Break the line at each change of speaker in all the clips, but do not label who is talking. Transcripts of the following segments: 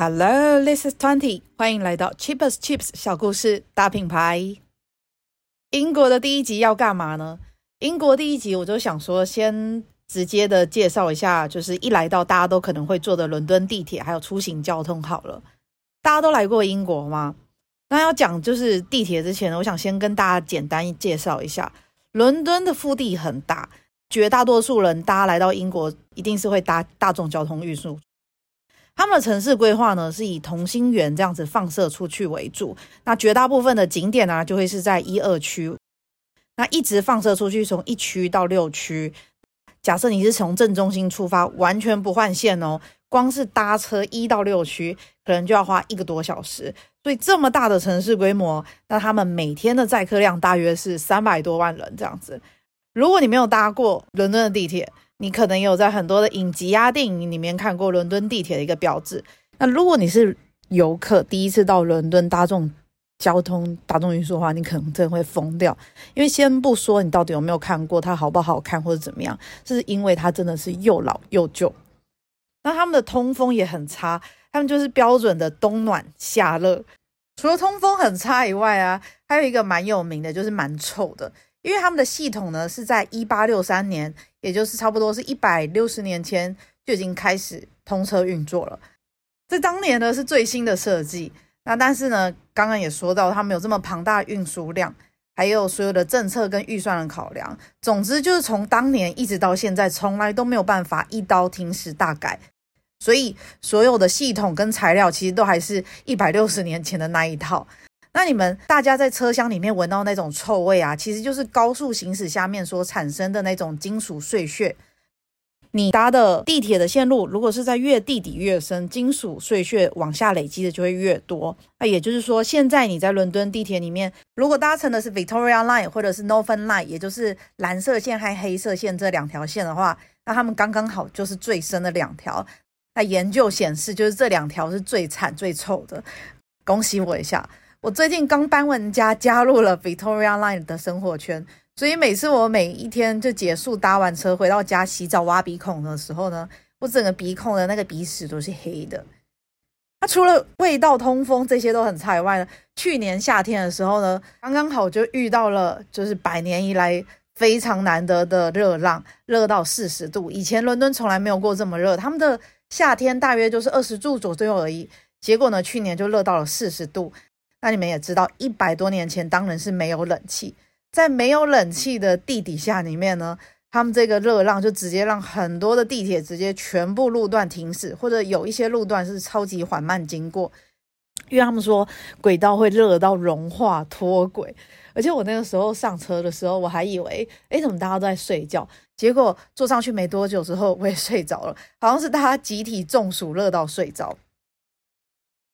Hello, this is Twenty。歡迎來到 Cheap as Chips 小故事大品牌。英國的第一集要幹嘛呢？英國第一集我就想說，先直接的介紹一下，就是一來到大家都可能會坐的倫敦地鐵，還有出行交通好了。大家都來過英國嗎？那要講就是地鐵之前，我想先跟大家簡單介紹一下，倫敦的腹地很大，絕大多數人大家來到英國一定是會搭大眾交通運輸。他們的城市規劃呢，是以同心圓這樣子放射出去為主。那絕大部分的景點呢、啊，就會是在一二區。那一直放射出去，從一區到六區。假設你是從正中心出發，完全不換線哦，光是搭車一到六區，可能就要花一個多小時。所以這麼大的城市規模，那他們每天的載客量大約是三百多萬人這樣子。如果你沒有搭過倫敦的地鐵，你可能有在很多的影集、啊、呀電影裡面看過倫敦地鐵的一個標誌。那如果你是遊客，第一次到倫敦搭這種交通、大眾運輸的話，你可能真的會瘋掉。因為先不說你到底有沒有看過它好不好看或者怎麼樣，這是因為它真的是又老又舊。嗯、那他們的通風也很差，他們就是標準的冬暖夏熱。除了通風很差以外啊，還有一個蠻有名的就是蠻臭的。因為他們的系統呢，是在一八六三年，也就是差不多是一百六十年前就已經開始通車運作了。這當年呢是最新的設計，那但是呢，剛剛也說到，他們有這麼龐大運輸量，還有所有的政策跟預算的考量。總之就是從當年一直到現在，從來都沒有辦法一刀停駛大改，所以所有的系統跟材料其實都還是一百六十年前的那一套。那你們大家在車廂裡面聞到那種臭味啊，其實就是高速行駛下面所產生的那種金屬碎屑。你搭的地鐵的線路，如果是在越地底越深，金屬碎屑往下累積的就會越多。那也就是說，現在你在倫敦地鐵裡面，如果搭乘的是 Victoria Line 或者是 Northern Line，也就是藍色線和黑色線這兩條線的話，那他們剛剛好就是最深的兩條。那研究顯示，就是這兩條是最慘最臭的。恭喜我一下。我最近剛搬完家，加入了 Victoria Line 的生活圈，所以每次我每一天就結束搭完車回到家洗澡挖鼻孔的時候呢，我整個鼻孔的那個鼻屎都是黑的。它、啊、除了味道通風這些都很差以外呢，去年夏天的時候呢，剛剛好就遇到了就是百年以來非常難得的熱浪，熱到四十度。以前倫敦從來沒有過這麼熱，他們的夏天大約就是二十度左右而已。結果呢，去年就熱到了四十度。那你們也知道，一百多年前，當然是沒有冷氣，在沒有冷氣的地底下裡面呢，他們這個熱浪就直接讓很多的地鐵直接全部路段停駛，或者有一些路段是超級緩慢經過，因為他們說軌道會熱到融化脫軌。而且我那個時候上車的時候，我還以為，哎、欸，怎麼大家都在睡覺？結果坐上去沒多久之後，我也睡着了，好像是大家集體中暑熱到睡着。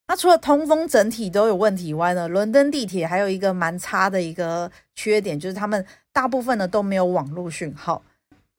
那除了通風整體都有問題外呢，倫敦地鐵還有一個蠻差的一個缺點，就是他們大部分的都沒有網絡訊號。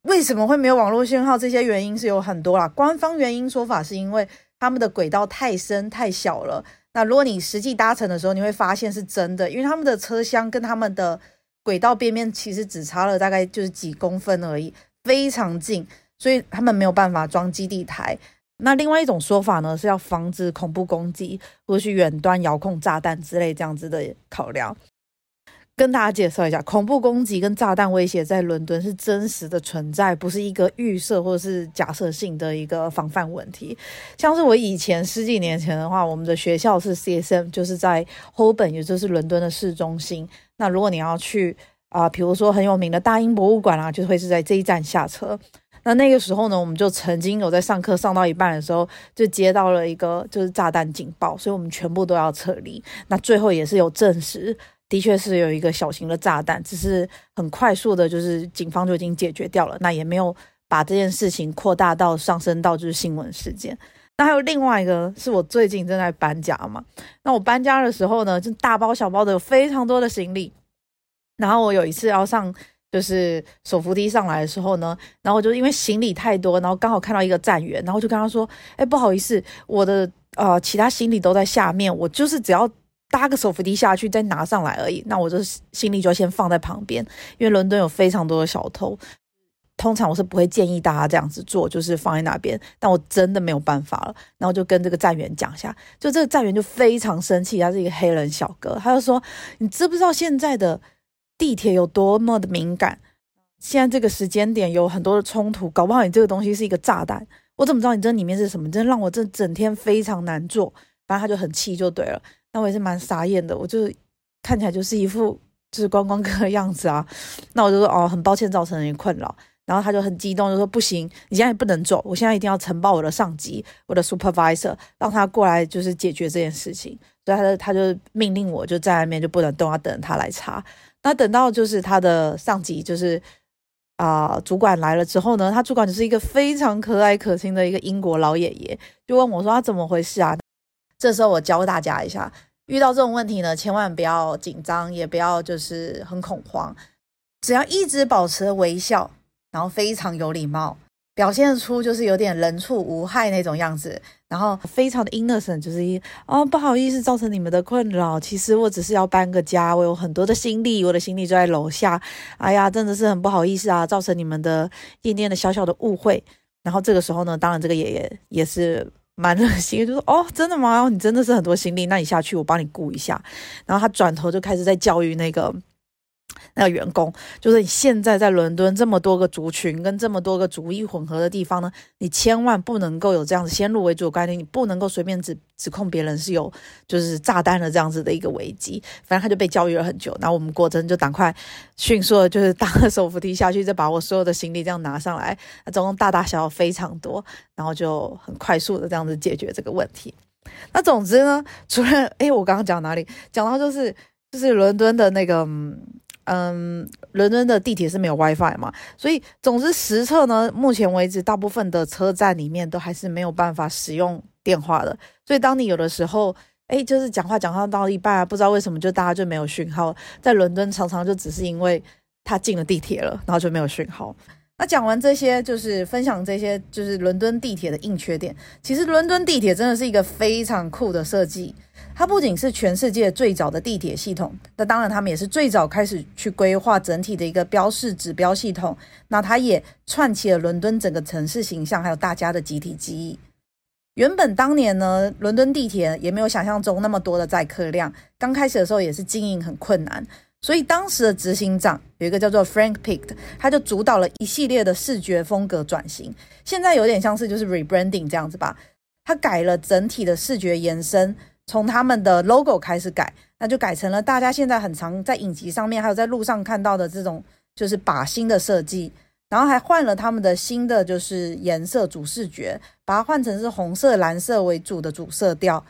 為什麼會沒有網絡訊號？這些原因是有很多啦。官方原因說法是因為他們的軌道太深太小了。那如果你實際搭乘的時候，你會發現是真的，因為他們的車廂跟他們的軌道邊邊其實只差了大概就是幾公分而已，非常近，所以他們沒有辦法裝基地台。那另外一種說法呢，是要防止恐怖攻擊，或者去遠端遙控炸彈之類這樣子的考量。跟大家介紹一下，恐怖攻擊跟炸彈威脅在倫敦是真實的存在，不是一個預設或是假設性的一個防範問題。像是我以前十幾年前的話，我們的學校是 CSM，就是在 Holborn，也就是倫敦的市中心。那如果你要去啊，呃，比如說很有名的大英博物館啊，就會是在這一站下車。那那個時候呢，我們就曾經有在上課上到一半的時候，就接到了一個就是炸彈警報，所以我們全部都要撤離。那最後也是有證實，的確是有一個小型的炸彈，只是很快速的，就是警方就已經解決掉了。那也沒有把這件事情擴大到上升到就是新聞事件。那還有另外一個是，我最近正在搬家嘛。那我搬家的時候呢，就大包小包的有非常多的行李，然後我有一次要上。就是手扶梯上來的時候呢，然後就因為行李太多，然後剛好看到一個站員，然後就跟他說：“哎、欸，不好意思，我的呃其他行李都在下面，我就是只要搭個手扶梯下去再拿上來而已。那我就行李就要先放在旁邊，因為倫敦有非常多的小偷，通常我是不會建議大家這樣子做，就是放在那邊。但我真的沒有辦法了，然後就跟這個站員講一下，就這個站員就非常生氣，他是一個黑人小哥，他就說：你知不知道現在的？”地鐵有多麼的敏感，現在這個時間點有很多的衝突，搞不好你這個東西是一個炸彈，我怎麼知道你這裡面是什麼？真的讓我這整天非常難做，反正他就很氣就對了。那我也是蠻傻眼的，我就是看起來就是一副就是觀光客的樣子啊。那我就說哦，很抱歉造成了你困擾。然後他就很激動，就說：“不行，你現在也不能走，我現在一定要呈報我的上級，我的 supervisor，讓他過來就是解決這件事情。”所以他，他他就命令我就在外面就不能動，要等他來查。那等到就是他的上級，就是啊、呃、主管來了之後呢，他主管就是一個非常可愛可親的一個英國老爺爺，就問我說：“他怎麼回事啊？”這時候我教大家一下，遇到這種問題呢，千萬不要緊張，也不要就是很恐慌，只要一直保持微笑。然後非常有禮貌，表現出就是有點人畜無害那種樣子，然後非常的 innocent，就是一哦，不好意思，造成你們的困擾。其實我只是要搬個家，我有很多的行李，我的行李就在樓下。哎呀，真的是很不好意思啊，造成你們的一點點的小小的誤會。然後這個時候呢，當然這個爺爺也是蠻熱心，就說、是、哦，真的嗎？你真的是很多行李，那你下去我幫你顧一下。然後他轉頭就開始在教育那個。那個員工，就是你現在在倫敦這麼多個族群跟這麼多個族裔混合的地方呢，你千萬不能夠有這樣子先入為主的觀念，你不能夠隨便指指控別人是有就是炸彈的這樣子的一個危機。反正他就被教育了很久。那我們果真就趕快迅速的就是搭了手扶梯下去，再把我所有的行李這樣拿上來，那總共大大小小非常多，然後就很快速的這樣子解決這個問題。那總之呢，除了誒我剛剛講哪裡？講到就是就是倫敦的那個。嗯嗯，倫敦的地鐵是沒有 WiFi 嘛，所以總之實測呢，目前為止，大部分的車站裡面都還是沒有辦法使用電話的。所以當你有的時候，哎，就是講話講話到一半，啊，不知道為什麼就大家就沒有訊號。在倫敦常常就只是因為他進了地鐵了，然後就沒有訊號。那講完這些，就是分享這些，就是倫敦地鐵的硬缺點。其實倫敦地鐵真的是一個非常酷的設計。它不僅是全世界最早的地鐵系統，那當然他們也是最早開始去規劃整體的一個標示指標系統。那它也串起了倫敦整個城市形象，還有大家的集體記憶。原本當年呢，倫敦地鐵也沒有想象中那麼多的載客量，剛開始的時候也是經營很困難。所以當時的執行長有一個叫做 Frank Pick，他就主導了一系列的視覺風格轉型。現在有點像是就是 rebranding 這樣子吧，他改了整體的視覺延伸。從他們的 logo 開始改，那就改成了大家現在很常在影集上面，還有在路上看到的這種就是靶心的設計，然後還換了他們的新的就是顏色主視覺，把它換成是紅色、藍色為主的主色調。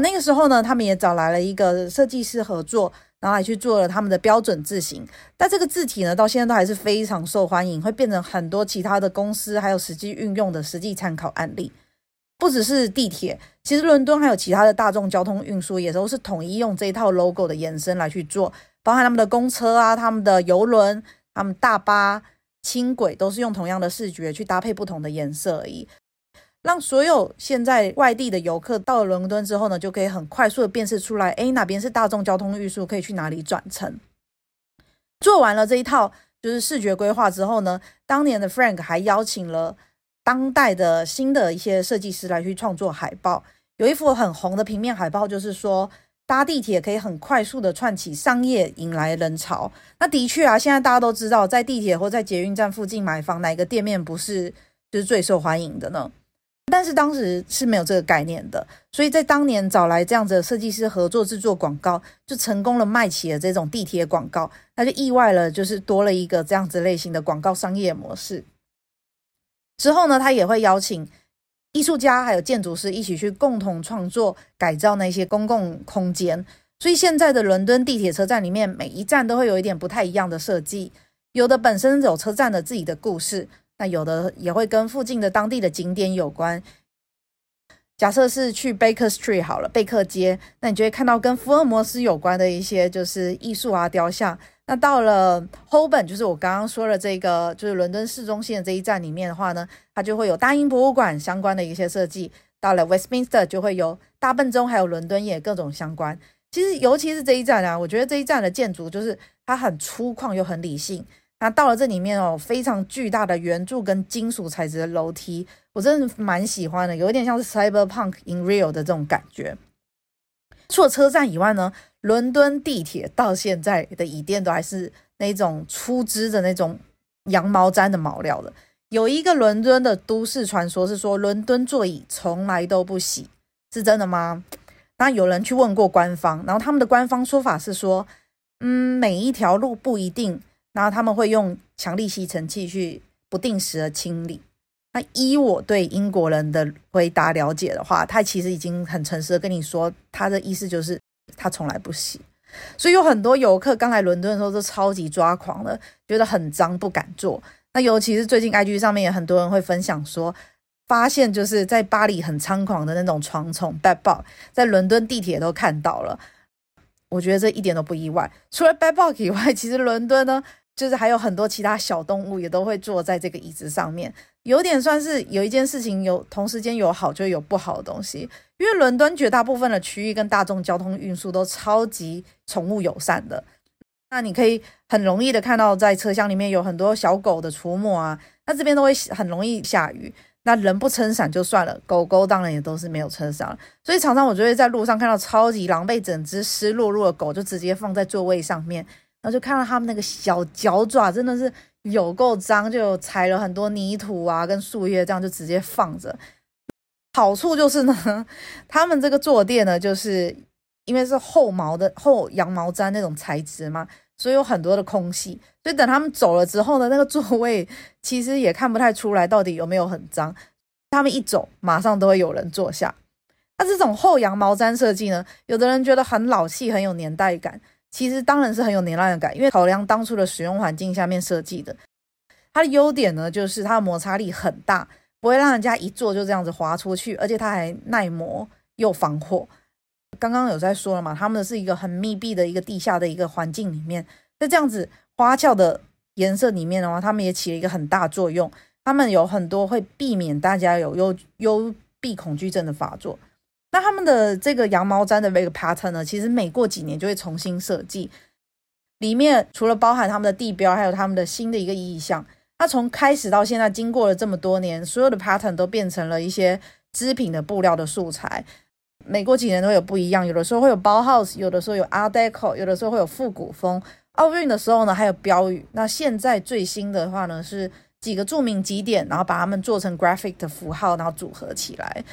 那個時候呢，他們也找來了一個設計師合作，然後還去做了他們的標準字型。但這個字體呢，到現在都還是非常受歡迎，會變成很多其他的公司還有實際運用的實際參考案例。不只是地鐵，其實倫敦還有其他的大眾交通運輸，也都是統一用這一套 logo 的延伸來去做，包含他們的公車啊、他們的郵輪、他們大巴、輕軌，都是用同樣的視覺去搭配不同的顏色而已，讓所有現在外地的遊客到了倫敦之後呢，就可以很快速的辨識出來，哎，哪邊是大眾交通運輸，可以去哪裡轉乘。做完了這一套就是視覺規劃之後呢，當年的 Frank 還邀請了。當代的新的一些設計師來去創作海報，有一幅很紅的平面海報，就是說搭地鐵可以很快速的串起商業，引來人潮。那的確啊，現在大家都知道，在地鐵或在捷運站附近買房，哪個店面不是就是最受歡迎的呢？但是當時是沒有這個概念的，所以在當年找來這樣子的設計師合作制作廣告，就成功了賣起了這種地鐵廣告，那就意外了，就是多了一個這樣子類型的廣告商業模式。之後呢，他也會邀請藝術家還有建築師一起去共同創作改造那些公共空間。所以現在的倫敦地鐵車站裡面，每一站都會有一點不太一樣的設計。有的本身有車站的自己的故事，那有的也會跟附近的當地的景點有關。假設是去 Baker Street 好了，貝克街，那你就會看到跟福爾摩斯有關的一些就是藝術啊雕像。那到了 Holborn，就是我剛剛說的這個，就是倫敦市中心的這一站裡面的話呢，它就會有大英博物館相關的一些設計。到了 Westminster 就會有大笨鐘，還有倫敦眼各種相關。其實尤其是這一站啊，我覺得這一站的建築就是它很粗獷又很理性。那到了這裡面哦，非常巨大的圓柱跟金屬材質的樓梯，我真的蠻喜歡的，有一點像是 Cyberpunk in Real 的這種感覺。除了車站以外呢，倫敦地鐵到現在的椅墊都還是那種粗織的那種羊毛氈的毛料的。有一個倫敦的都市傳說是說倫敦座椅從來都不洗，是真的嗎？那有人去問過官方，然後他們的官方說法是說，嗯，每一條路不一定，然後他們會用強力吸塵器去不定時的清理。依我對英國人的回答了解的話，他其實已經很誠實的跟你說，他的意思就是他從來不洗，所以有很多遊客剛來倫敦的時候都超級抓狂的，覺得很髒不敢坐。那尤其是最近 IG 上面也很多人會分享說，發現就是在巴黎很猖狂的那種床蟲 bed bug，在倫敦地鐵都看到了，我覺得這一點都不意外。除了 bed bug 以外，其實倫敦呢，就是還有很多其他小動物也都會坐在這個椅子上面，有點算是有一件事情有同時間有好就有不好的東西，因為倫敦絕大部分的區域跟大眾交通運輸都超級寵物友善的，那你可以很容易的看到在車廂裡面有很多小狗的出沒啊，那這邊都會很容易下雨，那人不撐傘就算了，狗狗當然也都是沒有撐傘，所以常常我就會在路上看到超級狼狽整隻濕漉漉的狗就直接放在座位上面。然後就看到他們那個小腳爪真的是有夠髒，就踩了很多泥土啊，跟樹葉，這樣就直接放着。好處就是呢，他們這個坐墊呢，就是因為是厚毛的厚羊毛氈那種材質嘛，所以有很多的空隙，所以等他們走了之後呢，那個座位其實也看不太出來到底有沒有很髒。他們一走，馬上都會有人坐下。那這種厚羊毛氈設計呢，有的人覺得很老氣，很有年代感。其實當然是很有年代感，因為考量，當初的使用環境下面設計的。它的優點呢，就是它的摩擦力很大，不會讓人家一坐就這樣子滑出去，而且它還耐磨又防火。剛剛有在說了嘛，他們的是一個很密閉的一個地下的一個環境裡面，在這樣子花俏的顏色裡面的話，他們也起了一個很大作用。他們有很多會避免大家有幽幽閉恐懼症的發作。那他們的這個羊毛氈的這個 pattern 呢，其實每過幾年就會重新設計。裡面除了包含他們的地標，還有他們的新的一個意象。那從開始到現在，經過了這麼多年，所有的 pattern 都變成了一些織品的布料的素材。每過幾年都會有不一樣，有的時候會有 Bauhaus，有的時候有 Art Deco，有的時候會有復古風。奧運的時候呢，還有標語。那現在最新的話呢，是幾個著名景點，然後把它們做成 graphic 的符號，然後組合起來。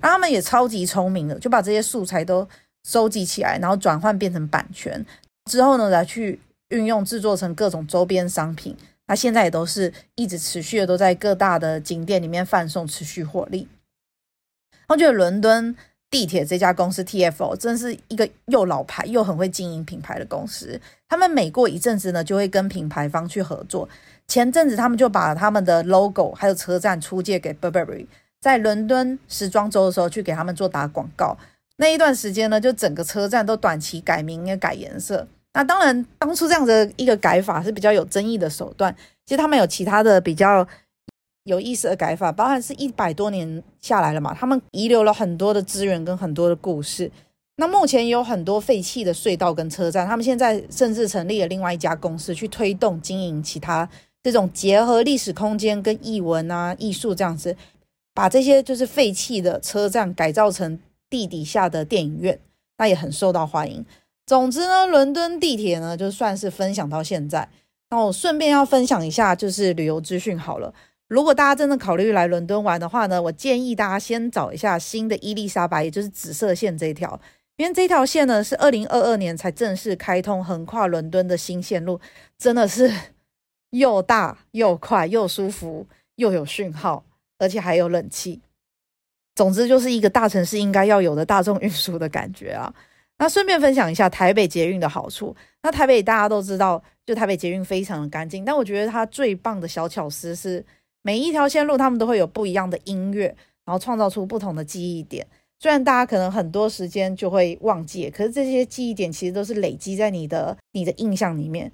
啊、他們也超級聰明的，就把這些素材都收集起來，然後轉換變成版權之後呢，來去運用制作成各種周邊商品。那、啊、現在也都是一直持續的都在各大的景點裡面販售持續獲利。我覺得倫敦地鐵這家公司 TFO 真的是一個又老牌又很會經營品牌的公司。他們每過一陣子呢，就會跟品牌方去合作。前陣子他們就把他們的 logo 還有車站出借給 Burberry。在倫敦時裝周的時候去給他們做打廣告，那一段時間呢，就整個車站都短期改名也改顏色。那當然，當初這樣子的一個改法是比較有爭議的手段。其實他們有其他的比較有意思的改法，包含是一百多年下來了嘛，他們遺留了很多的資源跟很多的故事。那目前也有很多廢棄的隧道跟車站，他們現在甚至成立了另外一家公司去推動經營其他這種結合歷史空間跟藝文啊、藝術這樣子。把這些就是廢棄的車站改造成地底下的電影院，那也很受到歡迎。總之呢，倫敦地鐵呢就算是分享到現在。那我順便要分享一下，就是旅遊資訊好了。如果大家真的考慮來倫敦玩的話呢，我建議大家先找一下新的伊麗莎白，也就是紫色線這一條，因為這條線呢是二零二二年才正式開通，橫跨倫敦的新線路，真的是又大又快又舒服又有訊號。而且還有冷氣，總之就是一個大城市應該要有的大眾運輸的感覺啊。那順便分享一下台北捷運的好處。那台北大家都知道，就台北捷運非常的乾淨。但我覺得它最棒的小巧思是，每一條線路他們都會有不一樣的音樂，然後創造出不同的記憶點。雖然大家可能很多時間就會忘記，可是這些記憶點其實都是累積在你的你的印象裡面。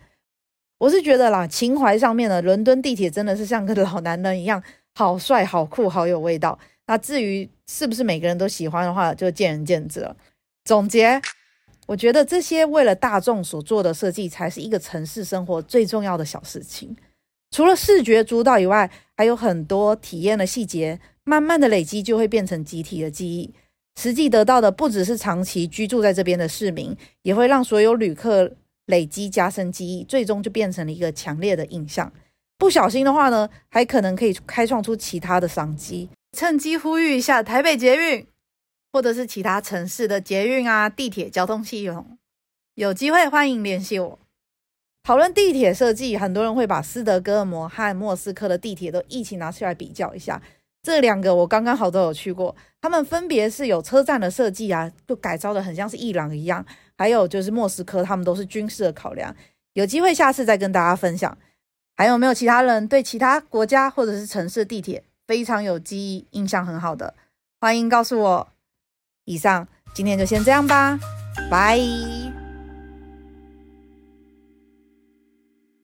我是覺得啦，情懷上面的倫敦地鐵真的是像個老男人一樣。好帥，好酷，好有味道。那至於是不是每個人都喜歡的話，就見仁見智了。總結，我覺得這些為了大眾所做的設計，才是一個城市生活最重要的小事情。除了視覺主導以外，還有很多體驗的細節，慢慢的累積就會變成集體的記憶。實際得到的不只是長期居住在這邊的市民，也會讓所有旅客累積加深記憶，最終就變成了一個強烈的印象。不小心的話呢，還可能可以開創出其他的商機。趁機呼籲一下台北捷運，或者是其他城市的捷運啊、地鐵交通系統，有機會歡迎聯繫我討論地鐵設計。很多人會把斯德哥爾摩和莫斯科的地鐵都一起拿出來比較一下。這兩個我剛剛好都有去過，他們分別是有車站的設計啊，就改造的很像是伊朗一樣。還有就是莫斯科，他們都是軍事的考量。有機會下次再跟大家分享。還有沒有其他人對其他國家或者是城市地鐵非常有記憶、印象很好的？歡迎告訴我。以上，今天就先這樣吧，拜。